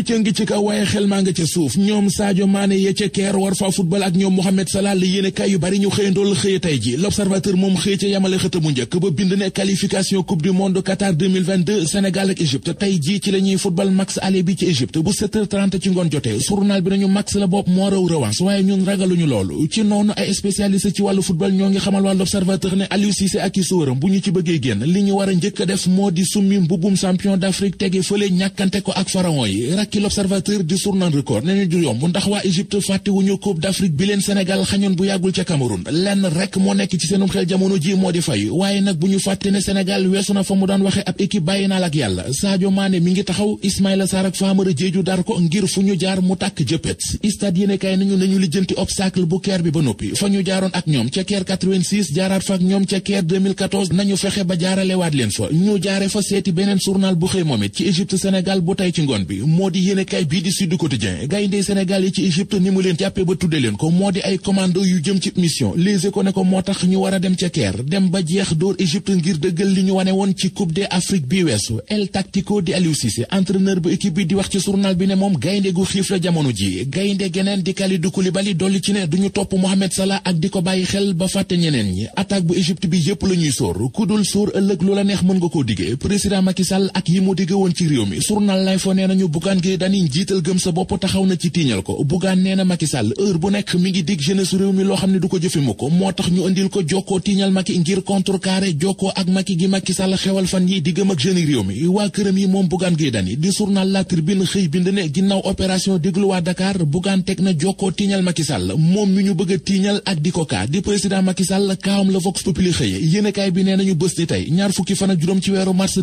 ca ngi ci kaw waaye xel maa nga ca suuf ñoom Sadio Mané ya ca keer war fa football ak ñoom Mohamed Salah la yéene kaay yu bari ñu xëyandool xëy tey ji l'observateur moom xëy ca yamale xëta mu njëkk ba bind ne qualification coupe du monde Qatar 2022 Sénégal ak Égypte tey jii ci la ñuy max aller bi ci Égypte bu 7h30 ci ngoon jotee journal bi nañu max la bopp moo raw revanche waaye ñun ragaluñu loolu ci noonu ay spécialiste ci wàllu football ñoo xamal waa l'observateur ne Aliou Cissé i sóoram bu ñu ci bëggee génn li ñu war a njëkk a def moo di summi mbubum champion d'Afrique tege fële ñàkkante ko ak pharaon yi nag ki l'observateur di journal record ne ñu du yomb ndax waa Égypte fàttewuñu coupe d'Afrique bi leen Sénégal xañoon bu yàggul ca Cameroun lenn rek moo nekk ci seenum weesu na fa mu daan waxee ab équipe bàyyi naa la yàlla Sadio mi ngi taxaw Ismaïla Sarr ak Famara Diédhiou dar ko ngir fu ñu jaar mu tàkk jëppët stade yéene nañu nañu lijjanti obstacle bu keer bi ba noppi fa ñu jaaroon ak ñoom ca keer jaaraat fa ñoom ca keer nañu fexe ba jaaralewaat di yéenekaay bii di Sud Quotidien gaynde Sénégal yi ci Égypte ni mu leen jàppe ba tudde leen ko moo di ay commando yu jëm ci mission léegi ko ne ko moo tax ñu war a dem ca Caire dem ba jeex dóor Égypte ngir dëggal li ñu wane woon ci Coupe d'Afrique bi weesu El Tactico di Aliou Cissé entraîneur bu équipe bi di wax ci journal bi ne moom gaynde gu xiif la jamono ji gaynde geneen di Kalidou Koulibaly dolli ci ne duñu topp Mohamed Salah ak di ko bàyyi xel ba fàtte ñeneen ñi attaque bu Égypte bi yépp ñuy sóor ku dul sóor ëllëg lu la neex mën koo diggee président Macky Sall ak yi Gueye Dany njiital gëm sa bopp taxaw na ci tiiñal ko Bougane nee na Macky Sall heure bu nekk mi ngi dig jeunesse réew mi loo xam ne du ko jëfe mukk moo tax ñu indil ko jokkoo tiiñal Macky ngir contrecarrer jokkoo ak Macky gi Macky Sall xewal fan yi di gëm ak jeune réew mi waa këram yi moom Bougane Gueye Dany di journal La Tribune xëy bind ne ginnaaw opération déglu waa Dakar Bougane teg na jokkoo tiiñal Macky Sall moom mi ñu bëgg a tiiñal ak di ko kaa di président Macky la Vox Populi xëye yéenekaay bi nee nañu bës ni tey ñaar fukki fan ak juróom ci weeru mars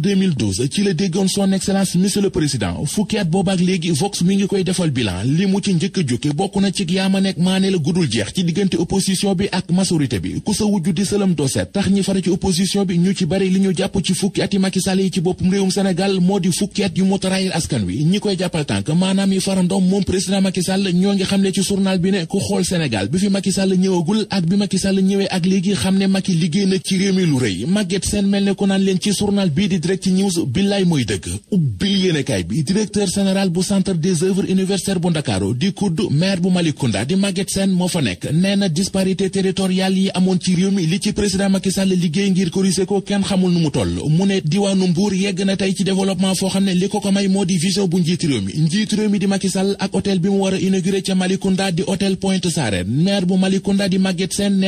boobaak léegi Vox mi ngi koy defal bilan li mu ci njëkk jóge bokk na ci yaama nekk maane la jeex ci diggante opposition bi ak majorité bi ku sa wujju di sëlam doset tax ñi fara ci opposition bi ñu ci bari li ñu jàpp ci fukki ati Macky Sall yi ci boppum réewum Sénégal moo di fukki at yu mu askan wi ñi koy jàppal tànk maanaam yi farandoom moom président Macky Sall ñoo ngi xam ne ci journal bi ne ku xool Sénégal bi fi Macky Sall ñëwagul ak bi Macky Sall ñëwee ak na ci réew mi lu général bu centre des œuvres universitaires bu ndakaaru di kudd maire bu Malicounda di Maguette moo fa nekk nee disparité territoriale yi amoon ci réew mi li ci président Macky Sall liggéey ngir corriger ko kenn xamul nu toll mu ne diwaanu Mbour yegg na tey ci développement foo xam ne li ko ko may moo di vision bu njiit réew mi njiit réew mi di Macky ak hôtel bi mu war a ca Malicounda di hôtel Pointe Sarène maire bu Malicounda di Maguette Sène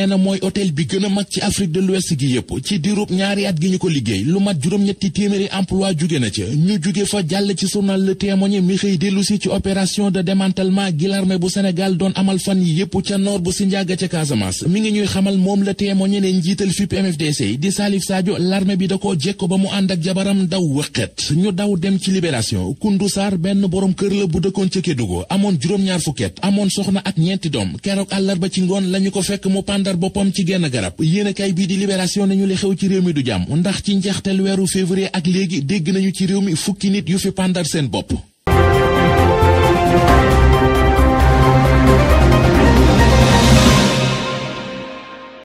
nee mi xëy dellu si ci opération de démantèlement gi l'armée bu Sénégal doon amal fan yi yépp ca noor bu Sindiaga ca Casamance mi ngi ñuy xamal moom la témoigné ne njiital FIP MFDC di Salif Sadio larme bi da koo jekko ba mu ànd ak jabaram daw wëqet ñu daw dem ci libération Koundou Sarr benn borom kër la bu dëkkoon ca Kédougou amoon juróom-ñaar fukket amoon soxna ak ñeenti doom keroog àllarba ci ngoon lañu ko fekk mu pàndar boppam ci genn garab yéenekaay bii di libération ne ñu xew ci réew mi du jàmm ndax ci njeexteel weeru février ak léegi dégg nañu ci réew mi fukki nit yu fi pàndar seen bopp